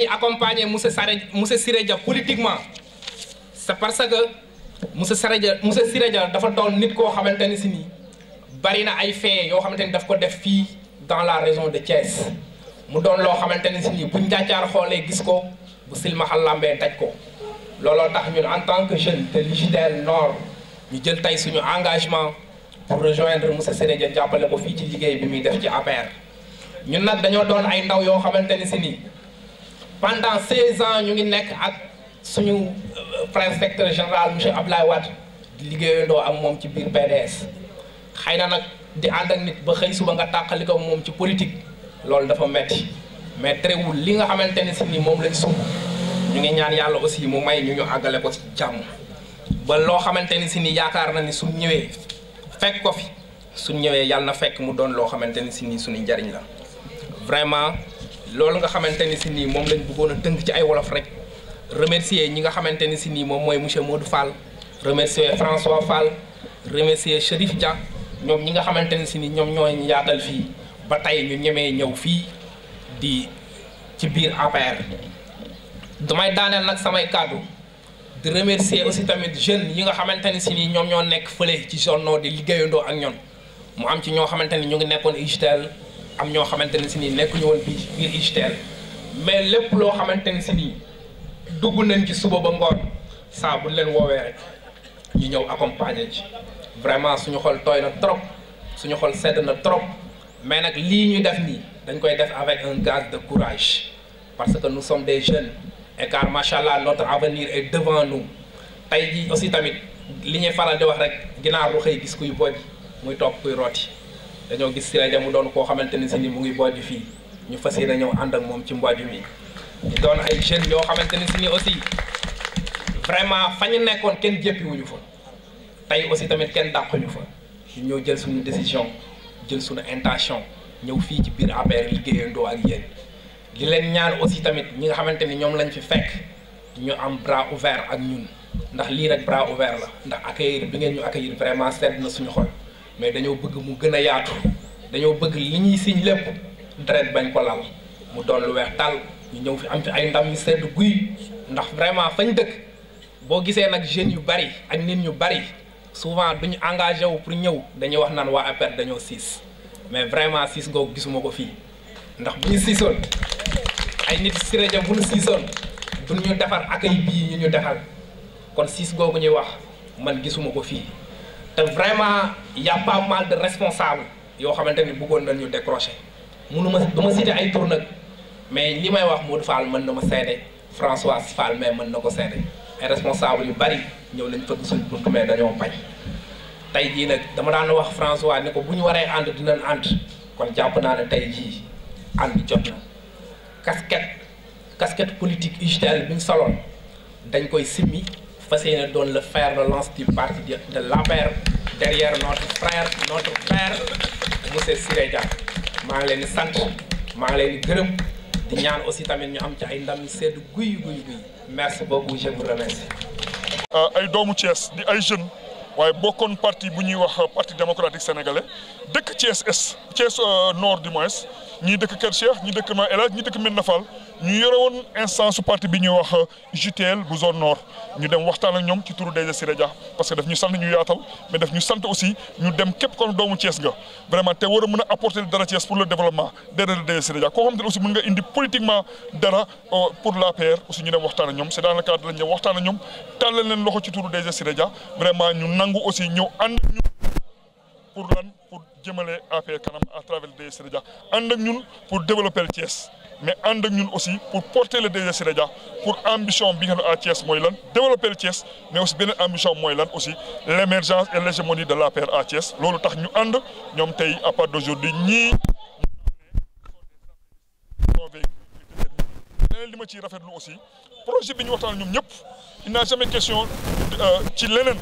ñi accompagner monsieur Sare monsieur Siré Dia politiquement c'est parce que monsieur Sare Dia monsieur Siré Dia dafa doon nit koo xamante ni si nii bari na ay fee yoo xamante ni daf ko def fii dans la région de Thiès mu doon loo xamante ni si nii buñ njaacaar xoolee gis ko bu silmaxal làmbee daj ko looloo tax ñun en tant que jeune de l'UJTL Nord ñu jël tey suñu engagement pour rejoindre monsieur Siré Dia jàppale ko fii ci liggéey bi muy def ci APR ñun nag dañoo doon ay ndaw yoo xamante ni si nii pendant 16 ans ñu ngi nekk ak suñu euh, inspecteur général monsieur Abdoulaye Wade di liggéeyandoo ak moom ci biir PDS xëy na nag di ànd nit ba xëy suba nga tàqali ko moom ci politique loolu dafa metti mais terewul li nga xamante ne si ni moom lañ sumb ñu ngi ñaan yàlla aussi mu may ñu ñu àggale ko ci jàmm ba loo xamante ni si ni yaakaar na ni suñ ñëwee fekk ko fi suñ ñëwee yàlla na fekk mu doon loo xamante ni si ni suñu njariñ la loolu nga xamante ni si nii moom lañ bëggoon a tënk ci ay wolof rek remercier ñi nga xamante ni si nii moom mooy monsieur Modou Fall remercier François Fall remercier Chérif Dia ñoom ñi nga xamante ni si nii ñoom ñoo ñu yaatal fii ba tey ñu ñëw fii di ci biir APR damay daaneel nag samay kàddu di remercier tamit jeunes yi nga xamante ni si nii ñoom ñoo nekk fële ci zone nord di liggéeyandoo ak ñoom mu am ci ñoo xamante ni ñu ngi nekkoon UGTEL am ñoo xamante ne si nii nekkuñu woon fii biir UGTL mais lépp loo xamante ne si nii dugg nañ ci suba ba ngoon saa bu leen woowee rek ñu ñëw accompagner ci vraiment suñu xol tooy na trop suñu xol sedd na trop mais nag lii ñu def nii dañ koy def avec un gage de courage parce que nu sommes des jeunes et car allah notre avenir est devant nous tey jii aussi tamit li ñuy faral di wax rek ginaar lu xëy gis kuy bojj muy topp kuy rooti. dañoo gis Siré Dia mu doon koo xamante ne si ni mu ngi Mbodia fii ñu fas na ñëw ànd ak moom ci Mbodia mi ñu doon ay jeunes yoo xamante ne si ni aussi vraiment fa ñu nekkoon kenn jéppiwuñu fa tey aussi tamit kenn dàquñu fa ñu ñëw jël suñu décision jël suñu intention ñëw fii ci biir APR liggéeyandoo ak yéen li leen ñaar aussi tamit ñi nga xamante ni ñoom lañ fi fekk ñu am bras ouvert ak ñun ndax lii rek bras ouvert la ndax accueillir bi ngeen ñu accueillir vraiment sedd na suñu xol. mais dañoo bëgg mu gën a yaatu dañoo bëgg li ñuy siñ lépp deret bañ ko lal mu doon lu weex tàll ñu ñëw fi am fi ay ndam yu sedd guy ndax vraiment fañ dëkk boo gisee nag jeunes yu bari ak nit ñu bari souvent duñu engagé wu pour ñëw dañuy wax naan waa APR dañoo siis mais vraiment siis googu gisuma ko fii ndax bu ñu siisoon ay nit Siré Dia bu ñu siisoon duñu defar accueil bii ñu ñu defal kon siis googu ñuy wax man gisuma ko fii te vraiment y a pas mal de responsables yoo xamante ni bëggoon nañ ñu décrocher mënu ma du ma ay tour nag mais li may wax Modou Fall mën na ma seede François Fall mais mën na ko seede ay responsables yu bari ñëw nañ fëgg suñ bunt mais dañoo bañ tey jii nag dama daan wax François ne ko bu ñu waree ànd dinañ ànd kon jàpp naa ne tey jii ànd jot na casquette casquette politique UJTL bi ñu soloon dañ koy simmi fas yéene doon la fer de lance du parti de l'APR derrière notre frère notre père monsieur Siré maa ngi leen di maa ngi leen gërëm di ñaan aussi tamit ñu am ci ay ndam yu sedd guy guy guy merci beaucoup je vous euh, ay doomu Thiès di ay jeunes waaye bokkoon parti bu ñuy wax parti démocratique sénégalais dëkk Thiès est Thiès euh, nord du moins ñii dëkk Kër Cheikh ñii dëkk Ma El Hadj ñii dëkk ñu yore woon instance su parti bi ñuy wax JTL bu zone nord ñu dem waxtaan ak ñoom ci turu DG Siré Dia parce que daf ñu sant ñu yaatal mais daf ñu sant aussi ñu dem képp kon doomu Thiès nga vraiment te war a mën a apporter dara Thiès pour le développement derrière DG Siré Dia koo xam ne aussi mën nga indi politiquement dara euh, pour l'APR aussi ñu dem waxtaan ak ñoom c'est dans le cadre lañ ñëw waxtaan ñoom tàllal leen loxo ci turu DG Siré Dia vraiment ñu nangu pour lan pour jëmale APR kanam à travers le DG Siré Dia ànd ak ñun pour développer Thiès mais ànd ñun aussi pour porter le DG Siré pour ambition bi nga xam ne à Thiès développer Thiès mais aussi beneen ambition mooy lan aussi l' émergence et l'hégémonie de l'APR à loolu tax ñu ànd ñoom tey à partir d'aujourd'hui ñii leneen li ma ciy rafetlu aussi projet bi ñu waxtaan ñoom ñëpp il n'a jamais question euh, ci leneen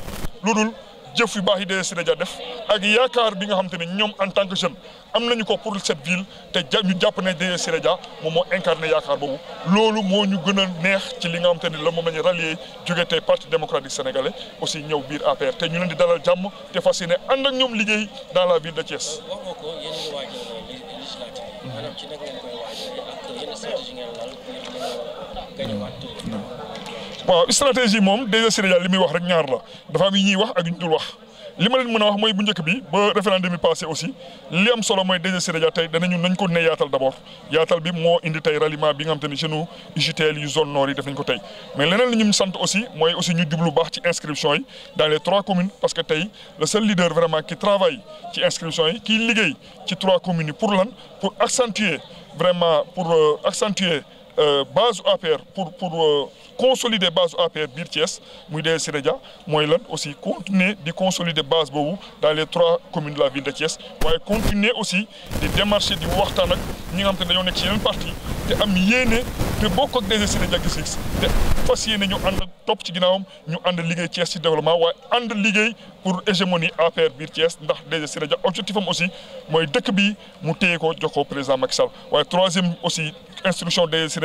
lu dul jëf yu baax yi dee Siré Dia def ak yaakaar bi nga xam te ne ñoom en tant que jeune am nañu ko pour cette ville te ja ñu jàpp ne dee Siré Dia moom moo incarné yaakaar boobu loolu moo ñu gën a neex ci li nga xam te ni la moom la ñu rallier jóge tey parti démocratique sénégalais aussi ñëw biir APR te ñu leen di dalal jàmm te fas yéene ànd ak ñoom liggéey dans la ville de Thiès. waaw stratégie moom déjà Sénégal li muy wax rek ñaar la dafa am yi ñuy wax ak yu ñu dul wax li ma leen mën a wax mooy bu njëkk bi ba référendum bi passé aussi li am solo mooy déjà Sénégal tey danañu nañ ko ne yaatal d'abord yaatal bi moo indi tey ralliement bi nga xam te ne jeunes UJTL yu zone nord yi def nañ ko tey mais leneen li sant aussi mooy aussi ñu jublu baax ci inscription yi dans les trois communes parce que tey le seul leader vraiment qui travaille ci inscription yi kii liggéey ci trois communes yi pour lan pour accentuer pour euh, accentuer Euh, base APR pour pour euh, consolider base APR biir Thiès muy Siré Dia mooy lan aussi continuer di consolider base boobu dans les trois communes de la ville de Thiès waaye continuer aussi di démarcher di waxtaan ak ñi nga xam te dañoo nekk ci yeneen parti te am yéene te bokk ak DG Siré te fas yéene ñu ànd topp ci ginnaawam ñu ànd liggéey Thiès ci développement waaye ànd liggéey pour hégémonie APR biir Thiès ndax DG Siré Dia objectif am aussi mooy dëkk bi mu téye ko jox ko président Macky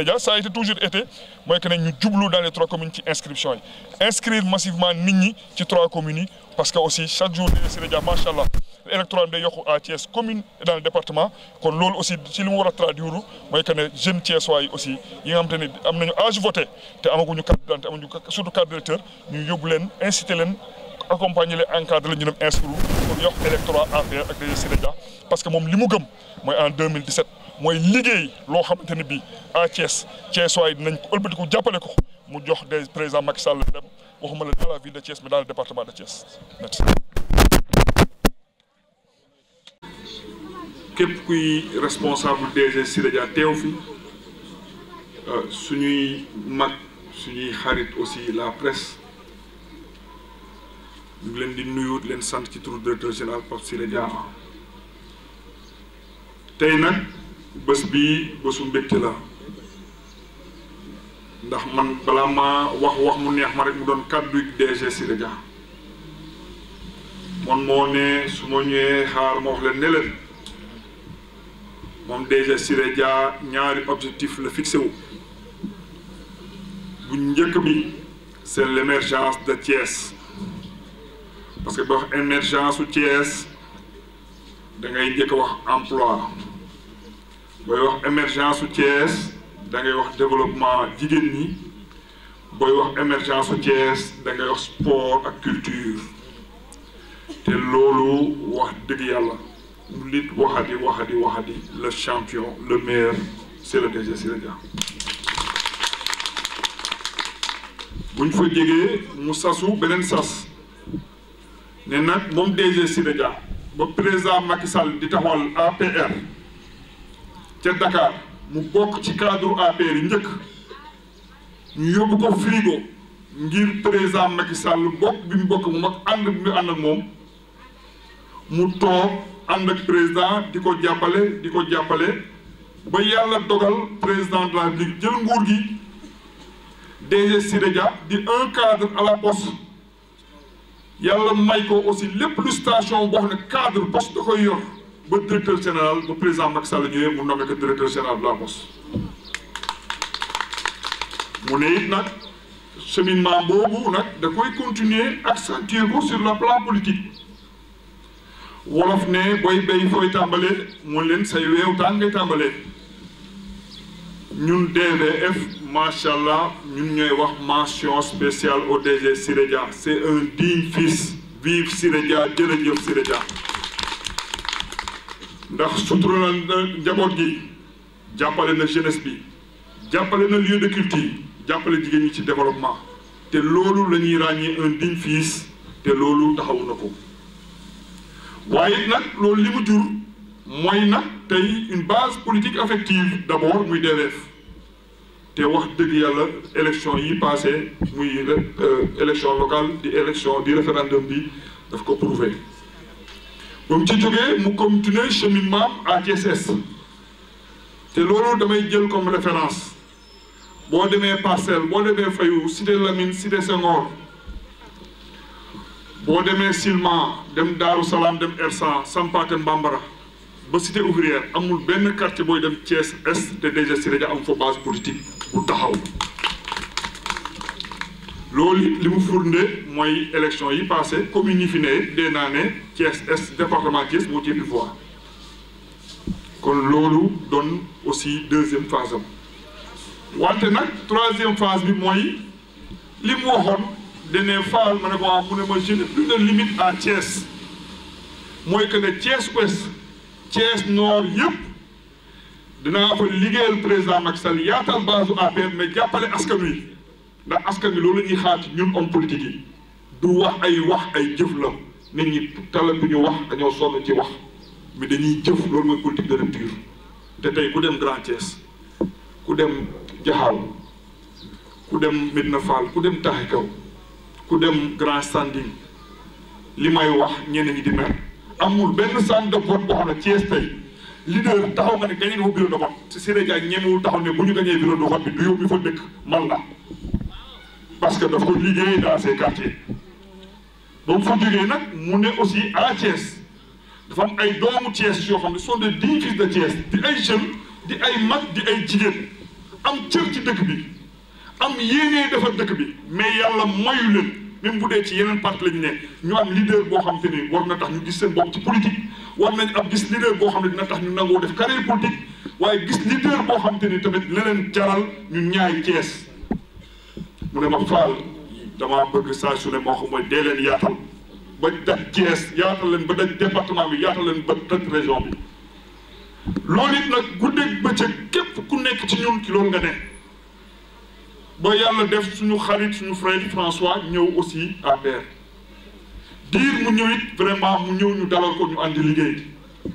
médias ça a été toujours été mooy que ne ñu jublu dans les trois communes ci inscription yi inscrire massivement nit ci trois communes parce que aussi chaque jour des Siré Dia macha allah électoral day yokku à Thiès commune dans le kon loolu aussi ci li mu war a traduire mooy que jeune Thiessois yi aussi yi nga xam ne am nañu âge voté te amaguñu carte d'identité amaguñu ñu yóbbu leen inciter leen accompagner leen encadrer leen ñu dem inscrire pour yokk électorat parce que moom li mu gëm. mooy en 2017 mooy liggéey loo xamante ne bii à Thiès Thiès waay dinañ ko ëlbati ko jàppale ko mu jox des président Macky Sall dem waxuma la dans la ville de Thiès mais dans le département de képp kuy responsable DG Siré Dia teew fi euh, suñuy mag suñuy xarit aussi la presse ñu leen di nuyu leen sant ci turu directeur général Pape Siré Dia tey nag bés bi bésu mbégte la ndax man balaa ma wax wax mu neex ma rek mu doon kàddu DG Siré Dia moom moo ne su ma ñëwee xaar ma wax leen ne moom DG Siré Dia ñaari objectif la fixé wu bu njëkk bi c'est l'émergence de Thiès parce que boo wax émergence su Thiès da ngay jëkk wax emploi booy wax émergence su Thiès da ngay wax développement jigéen ñi booy wax émergence su Thiès da ngay wax sport ak culture te loolu wax dëgg yàlla nit waxati waxati waxati le champion le maire c'est le DG Siré Dia bu ñu fa jegee mu sasu beneen sas ne nag moom DG Siré Dia ba président Macky Sall di taxawal APR ca Dakar mu bokk ci cadre APR yi njëkk ñu yóbbu ko frigo ngir président Macky Sall bokk bi mu bokk mu mag ànd bi mu ànd ak moom mu toog ànd ak président di ko jàppale di ko jàppale ba yàlla dogal président de la République jël nguur gi DG Siré di un cadre à yàlla may ko aussi lépp lu station boo xam ne cadre poste da koy yor ba directeur général ba président Macky Sall ñëwee mu nommé ko directeur général de la poste mu ne it nag cheminement boobu nag da koy continuer accentuer ko sur le plan politique wolof ne booy béy fooy tàmbalee mu leen say weew tàng ngay tàmbalee ñun DVF macha allah ñu ñooy wax mention spéciale au DG Siré Dia c'est un digne fils vive Siré Dia jërëjëf Siré ndax sutura na njaboot gi jàppale na jeunesse bi jàppale na lieu de culture jàppale jigéen ñi ci développement te loolu lañuy ñuy ràññee un digne fils te loolu taxawu na ko waaye nag loolu li mu jur mooy nag tey une base politique affective d'abord muy DLF. te wax dëgg yàlla élection yi passé muy euh, élection locale di élection di référendum bi daf ko prouvé ba mu ci jógee mu continuer cheminement à Thiès te loolu damay jël comme référence boo demee parcelle boo demee fayu cité Lamine cité Senghor boo demee Silma dem Daaru Salaam dem Ersan Sampaate Mbambara ba cité ouvrière amul benn quartier booy dem Thiès est te déjà si am fa base politique bu taxaw loolu it li mu firnde mooy élection yi passé commune yi fi ne dee naa ne Thiès est département Thiès moo ci ëpp voix kon loolu doon aussi deuxième phase wante nag troisième phase bi mooy li mu waxoon dene faal ma ne ko waaw mu ne ma je n'ai plus de limite à Thiès mooy que ne Thiès ouest Thiès nord yëpp dinaa fa liggéeyal président Macky Sall yaatal base bu APR mais jàppale askan wi ndax askan wi loolu ñuy xaar ci ñun homme politique yi du wax ay wax ay jëf la nit ñi talal bi ñu wax dañoo sonn ci wax mais dañuy jëf loolu mooy politique de rupture te tey ku dem Grand Thiès ku dem Jaxaaw ku dem Medina Fall ku dem Taxi Kaw ku dem Grand Standing li may wax ñeneen ñi di mer amul benn centre de vote boo xam ne tey leader taxaw nga ne gagné nga fa bureau de vote si Sénégal ñemewul taxaw ne bu ñu gagné bureau de bi du yow fa dëkk man la parce que dafa liggéey dans ces quartiers ba mu fa jógee nag mu ne aussi à Thiès dafa am ay doomu Thiès yoo xam ne sont des dignes fils de Thiès di ay jeunes di ay mag di ay jigéen am cër ci dëkk bi am yéenee dafa dëkk bi mais yàlla mayu leen même bu dee ci yeneen parte la ñu ne ñu am leader boo xam te ne war na tax ñu gis seen bopp ci politique war nañ am gis leader boo xam ne dina tax ñu nangoo def carrière politique waaye gis leader boo xam te ni tamit leneen jaral ñu ñaay Cees mu ne ma faal damaa bëgg saa su ne moo xam mooy dee leen yaatal ba daj Cees yaatal leen ba daj département bi yaatal leen ba daj région bi loolu it nag guddeeg bëccëg képp ku nekk ci ñun ci loolu nga ne ba yàlla def suñu xarit suñu frère François ñëw aussi à terre diir mu ñëw it vraiment mu ñëw ñu dalal ko ñu àndi liggéey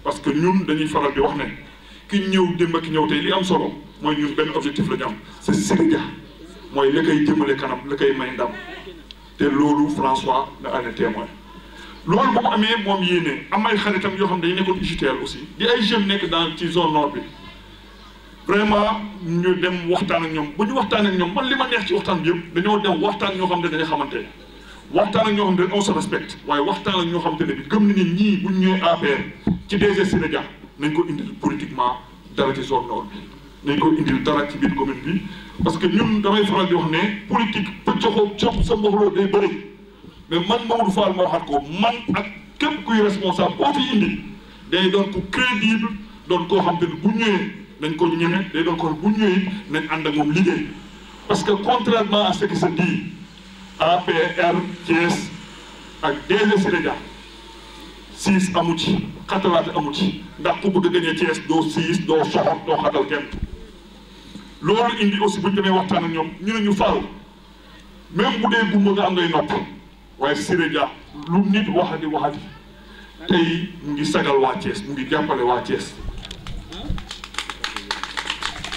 parce que ñun dañuy faral di wax ne ki ñëw démb ak ñëw tey li am solo mooy ñun benn objectif la ñu am c'est Siré Dia mooy la koy jëmale kanam la koy may ndam te loolu François na année témoin loolu bu mu amee moom yéene am ay yoo xam ne dañu nekkoon UJTL aussi di ay jeunes nekk dans ci zone nord bi vraiment ñu dem waxtaan ak ñoom bu ñu waxtaan ak ñoom man li ma neex ci waxtaan bi yëpp dañoo dem waxtaan ñoo xam ne dañuy xamante waxtaan ak ñoo xam ne on se respecte waaye waxtaan ak ñoo xamante ne bi gëm nañu ne ñii bu ñu ñëwee APR ci DG Siré Dia nañ ko indil politiquement dara ci zone nord nañ ko indil dara ci biir commune bi parce que ñun damay faral di wax ne politique pëccoxoo cop sa mboxloo day bëri mais man Maodo Fall ma waxaat ko man ak képp kuy responsable boo fi indi day doon ko crédible doon koo xam te ne bu ñëwee nañ ko ñeme day doon ko bu ñëwee nañ ànd ak moom liggéey parce que contrairement à ce qui se dit APR Thiès ak DG Sénégal siis amu ci xatalaate amu ci ndax ku bëgg a gagné Thiès doo siis doo soxor doo xatal kenn loolu indi aussi bu ñu waxtaan ak ñoom ñu ne ñu faaru même bu dee gumba nga am ngay nopp waaye Siré Dia lu nit waxati waxati tey mu ngi sagal waa Thiès mu ngi jàppale waa Thiès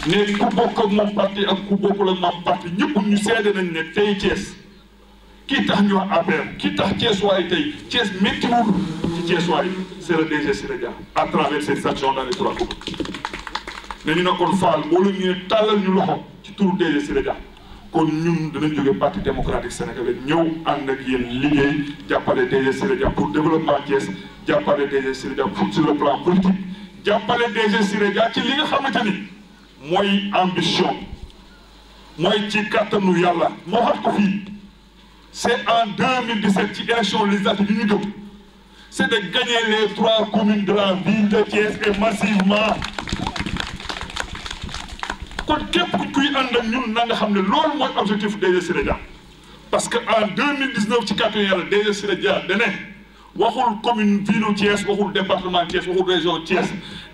ne ku bokk ak moom parti ak ku bokkul ak moom parti ñëpp ñu seede nañ ne tey Thiès. kii tax ñu wax APR kii tax Thiès waay tey Thiès méttiwul ci Thiès waay c' est le DG Siré Dia à travers ses actions dans ne kon Fall mbooloo ñu ne tàllal ñu loxo ci turu DG Siré Dia kon ñun dinañ jóge parti démocratique sénégalais ñëw ànd ak yéen liggéey jàppale DG Siré pour développement Thiès jàppale DG Siré Dia pour sur le plan politique jàppale DG Siré ci li nga xamante ni mooy ambition mooy ci kattanu yàlla moo xam ko fii. c'est en 2017 ci élection législative yi ñu jëm c'est de gagner les trois communes de la ville de Thiès massivement kon képp kuy ànd ak ñun na nga xam ne loolu mooy objectif DG Siré Dia parce que en 2019 ci kàttu yàlla DG Siré Dia da ne waxul commune ville Thiès waxul département Thiès waxul région Thiès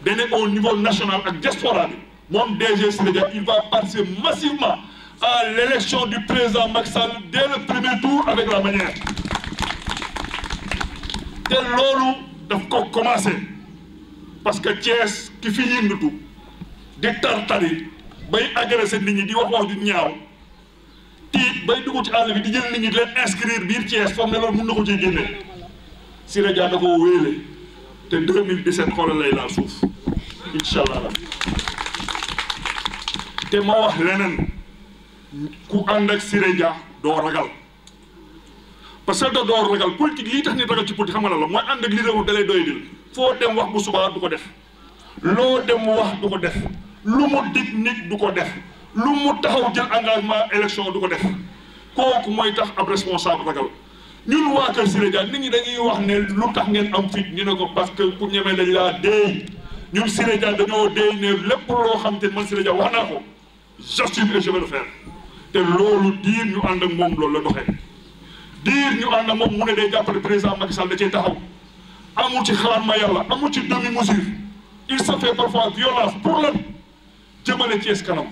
da ne au niveau national ak diaspora bi moom DG Siré Dia il va participer massivement à l'élection du président Macky Sall dès le premier tour avec la manière te loolu daf ko commencé parce que Thiès ki fi yëngatu di tartari bay seen nit ñi di wax wax ju ñaaw tiit bay dugg ci àll bi di jël nit ñi di leen inscrire biir Thiès foog ne loolu mën na ko ciy génne Siré Dia da koo wéele te 2017 xoolal lay laal suuf te ma wax leneen. ku ànd ak Siré Dia doo ragal parce que doo ragal politique lii tax nit ragal ci politique xam la mooy ànd ak li réew dalay doy dil foo dem wax bu subaa du ko def loo dem wax du ko def lu mu dig nit du ko def lu mu taxaw jël engagement élection du ko def kooku mooy tax ab responsable ragal ñun waa Kër Siré Dia nit ñi dañuy wax ne lu tax ngeen am fit ñu ne ko parce que ku ñemee dañ laa déey ñun Siré Dia dañoo déey ne lépp loo xam te man Siré Dia wax naa ko j'assume te loolu diir ñu ànd ak moom loolu la doxee diir ñu ànd ak moom mu ne day jàppale président Macky Sall da cee taxaw amul ci xalaat ma yàlla amul ci demi mesure il se fait parfois violence pour la lan jëmale Thiès kanam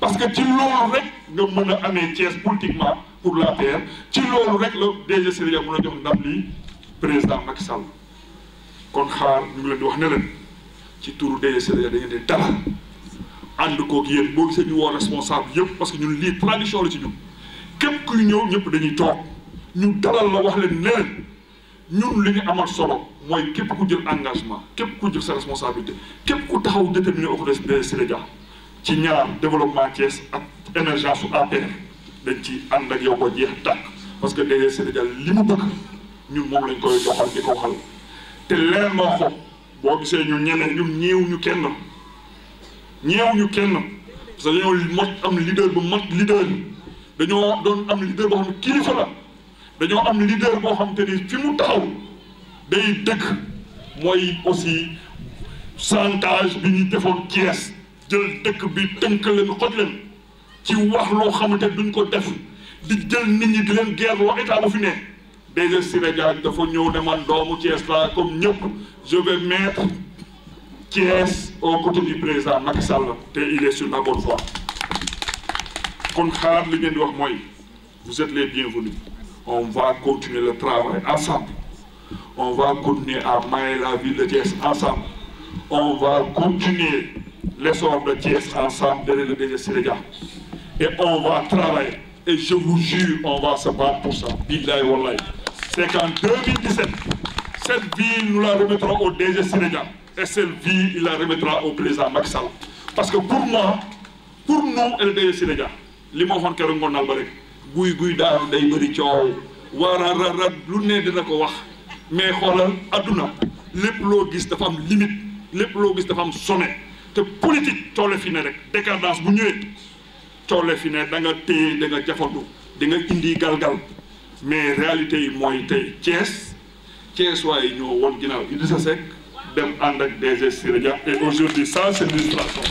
parce que ci loolu rek nga mën a amee Thiès politiquement pour l'APR ci loolu rek la DG Sénégal mën a jox ndam li président Macky Sall kon xaar ñu ngi leen di wax ne leen ci turu DG Sénégal da ngeen di ànd koog yéen boo gisee ñu woo responsable yëpp parce que ñun lii tradition la ci ñun képp kuy ñëw ñëpp dañuy toog ñu dalal la wax leen ne ñun li ñu amal solo mooy képp ku jël engagement képp ku jël sa responsabilité képp ku taxaw déterminé au côté des Sénégal ci ñaar développement Thiès ak émergence su APR dañ ci ànd ak yow ko jeex tàkk parce que des Sénégal li mu bëgg ñun moom lañ koy doxal di ko xal te leer na ko boo gisee ñu ñeneen ñun ñeew ñu kenn. ñeewuñu kenn parce que dañoo mot am leader bu mot leader bi dañoo doon am leader boo xam kilifa la dañoo am leader boo xam te ni fi mu taxaw day dëgg mooy aussi santage bi ñu defoon Thiès jël dëkk bi tënk leen xoj leen ci wax loo xamante duñ ko def di jël nit ñi di leen guerre loo état bu fi ne. DG Siré Dia dafa ñëw ne man doomu Thiès laa comme ñëpp je vais Thiès aux côtés du président Macky Sall te il est sur la bonne voie kon xalaat li ngeen wax mooy vous les bienvenus on va continuer le travail ensemble on va continuer à mailler la ville de Thiès ensemble on va continuer l'essor de Thiès ensemble derrière le DG Sénégal et on va travailler et je vous jure on va se battre pour ça billahi wallahi c'est qu'en 2017 cette ville nous la remettrons au DG Sénégal et il la remettra au président Macky Sall. Parce que pour moi, pour nous, LDS e Sénégal, li ma waxoon keroog ngoon ba rek guy guy daal day bëri coow waaraaraaraat lu ne dina ko wax mais xoolal adduna lépp loo gis dafa am limite lépp loo gis dafa am sommet te politique coole fi rek décadence bu ñëwee coole fi ne da téye da nga jafandu di nga indi galgal mais réalité yi mooy tey Thiès Thiès waaye ñoo won ginnaaw sa Seck dem ànd ak DG Siré Dia et aujourd'hui sans cette illustration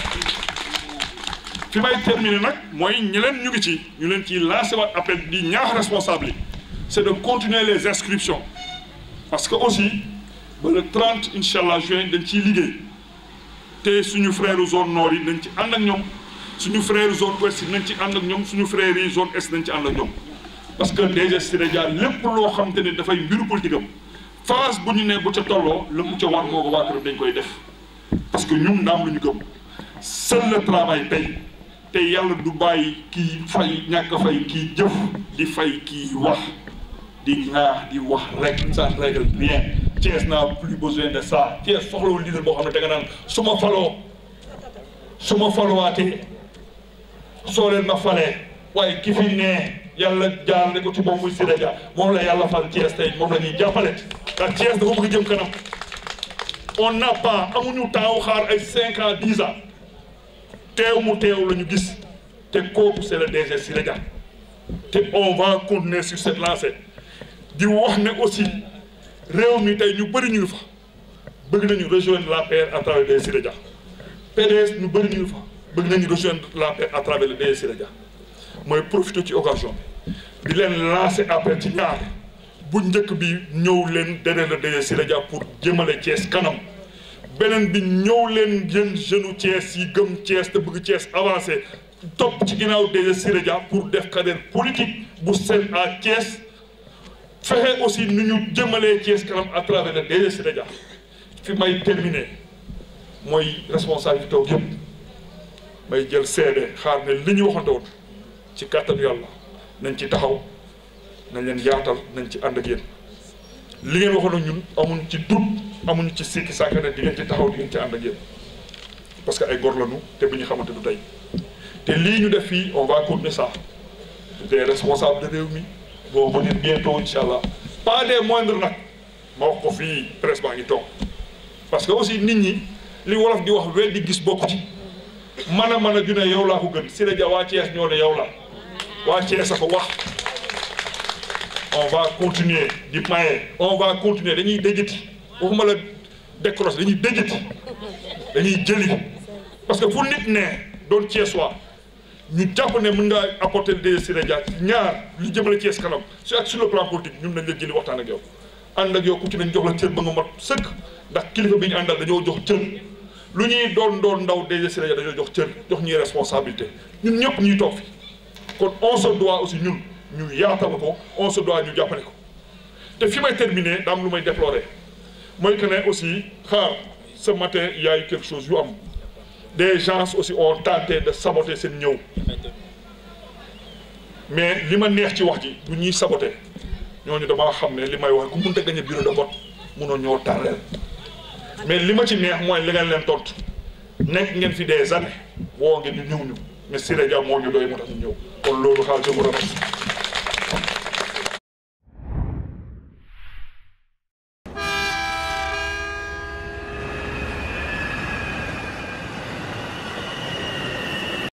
fi may terminer nag mooy ñi leen ñu ngi ci ñu leen ci lancé waat appel di ñaax responsable yi c'est de continuer les inscriptions parce que aussi ba le 30 incha allah juin dañ ciy liggéey te suñu frère zone nord yi dañ ci ànd ak ñoom suñu frère zone ouest yi nañ ci ànd ak ñoom suñu frère yi zone est nañ ci ànd ak ñoom parce que DG Siré Dia lépp loo xam te ne dafay mbiru politique phase bu ñu ne bu ca tolloo la mu ca war googu waa këram dañ koy def parce que ñun naam lu ñu gëm seul le travail paye te yàlla du bàyyi kii fay ñàkk fay kii jëf di fay kii wax di ñaax di wax rek sa ne règle rien Thiès n'a plus besoin de ça Thiès soxlawul leader boo xam ne da nga naan su ma faloo su ma falowaatee soo leen ma falee waaye ki fi ne yàlla jaarale ko ci moom muy Siré Dia moom la yàlla fal Thiès tey moom la ñuy jàppale ndax Thiès dafa bëgg jëm kanam on n'a amuñu taawu xaar ay cinq ans dix ans teew mu teew la ñu gis te kooku c'est le DG Siré Dia te on va continuer sur cette lancée di wax ne aussi réew mi tey ñu bëri ñu fa bëgg nañu rejoindre la paix à travers le DG Siré Dia ñu bëri ñu fa bëgg nañu rejoindre la paix à travers le si Siré Dia mooy profiter ci occasion bi di leen lancer appel ci ñaar. bu njëkk bi ñëw leen déedéet la déedéet si la pour jëmale Thiès kanam beneen bi ñëw leen jën jeune Thiès yi gëm Thiès te bëgg cees avancé topp ci ginnaaw DG Siré Dia pour def carrière politique bu seen à Thiès fexe aussi nu ñu jëmalee Thiès kanam à travers le DG Siré fi may terminé mooy responsabilité taw yëpp may jël seede xaar ne li ñu waxante woon ci kàttanu yàlla nañ ci taxaw nañ leen yaatal nañ ci ànd ak yéen li ngeen waxu waxoon ñun amuñ ci dut amuñ ci sikki sànq ne di ngeen taxaw di ngeen ci ànd ak yéen parce que ay gor lañu te bu ñu xamante du tey te lii ñu def fii on va continuer ça des de réew mi boobu venir bientôt incha allah pas des moindres nag ma wax ko fii presse baa ngi toog parce que aussi nit ñi li wolof di wax wel di gis bokku ci mën a a ju ne yow laa ko gën si la ja waa Thiès ñoo ne yow la waa Thiès a ko on va continuer di maye on va continuer dañuy déjati waxuma la décroche dañuy déjati dañuy jëli parce que fu nit ne doon Thiessois ñu jàpp ne mën ngaa apporter des synergies ñaar lu jëmale Thiès kanam su ak sur le plan politique ñun dañ la jëli waxtaan ak yow ànd ak yow ku ci nañ jox la cër ba sëkk ndax kilifa bi ñu àndal dañoo jox cër lu ñuy doon doon ndaw des synergies dañoo jox cër jox ñuy responsabilité ñun ñëpp ñuy toog fi kon on aussi ñun ñu yaatal ko on se ñu jàppale ko te fi may terminer daa am lu may déplorer mooy que ne aussi xaar ce matin y a eu quelque yu am des gens aussi ont tenté de saboter seen ñëw mais li ma neex ci wax ji bu ñuy saboter ñooñu damaa xam ne li may wax ku mënta gagné bureau de vote mënoo ñoo tàlleel mais li ma ci neex mooy li ngeen leen tontu nekk ngeen fi des années woo ngeen ñu ñëw ñu mais Siré Dia moo ñu doy moo tax ñu ñëw kon loolu xaal jëmu rafet